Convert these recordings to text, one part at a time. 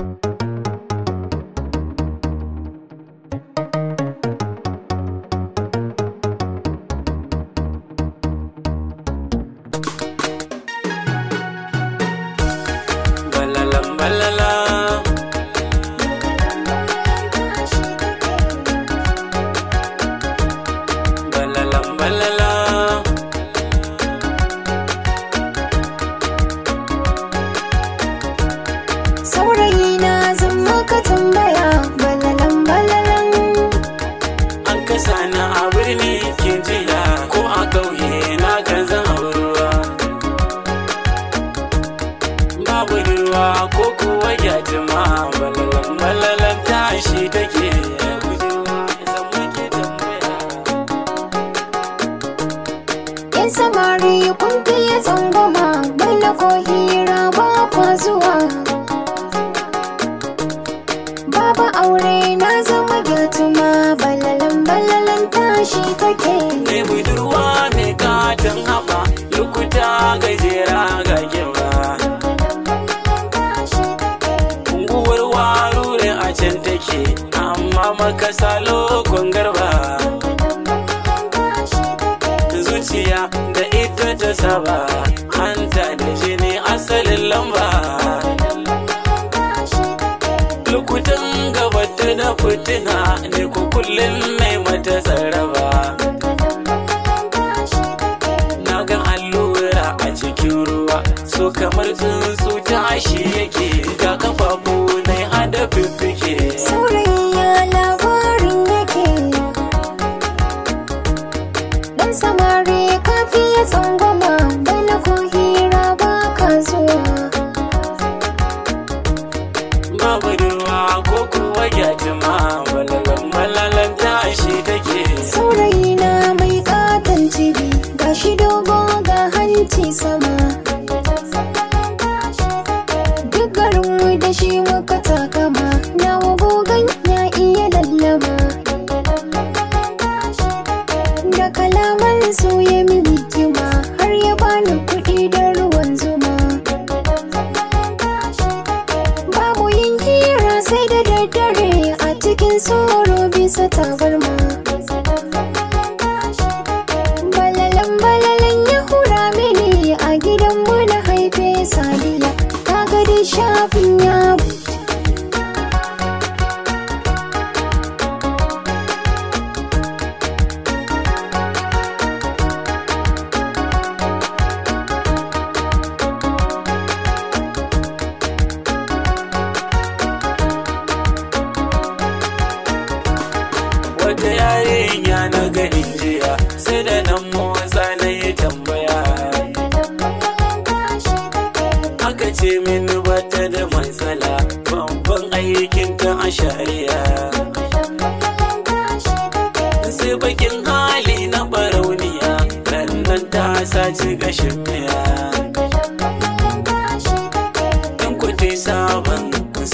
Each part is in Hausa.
you amma maka salo garba zuciya da ita ta saba hanta da jini asalin lamba lukutan gabata da fitina ne ku kullum mai mata tsaraba na ga allura a cikin ruwa so kamar tsuntsu ta ashe yake ga kafafu iya tsangwama bana ko hira ba ka zuwa babu ruwa ko kuwa ya jima balalan malalan tashi take saurayi na mai katon cibi ga shi dogo ga hanci sama duk garinmu da shi muka takama na wagogon ya iya lallama da kalaman ya mini har ya bani kuɗi don ruwan zuma babu yin hira sai da daddare a cikin tsoro bisa tabarma wata ya na ga injiya sai da nan motsa na yi tambaya aka ce min bata da matsala babban aikin ta a shari'a sai bakin hali na barauniya rannan ta sace gashin miya in sabon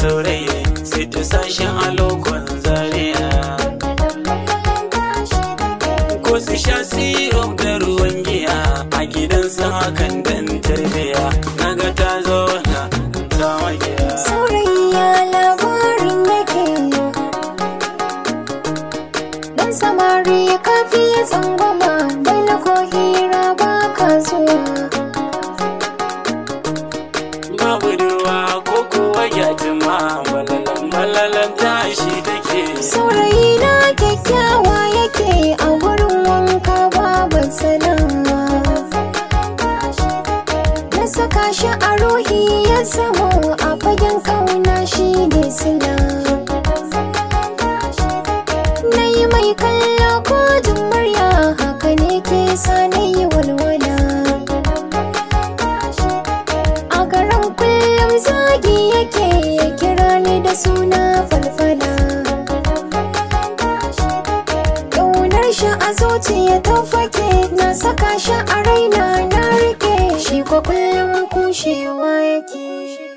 saurayi sai ta sashen alo san hakan dan tarbiya naga ta zauna ta magiya saurayya labarin yake dan samari kafi ya tsangwama samu a fagen kauna shi ne sila na yi mai kallo ko jin murya haka ne ke sa na yi walwala a garin kullum zagi yake ya kira ni da suna falfala ƙaunar shi a zuciya ta fake na saka shi a raina na rike shi ko kullum wa yake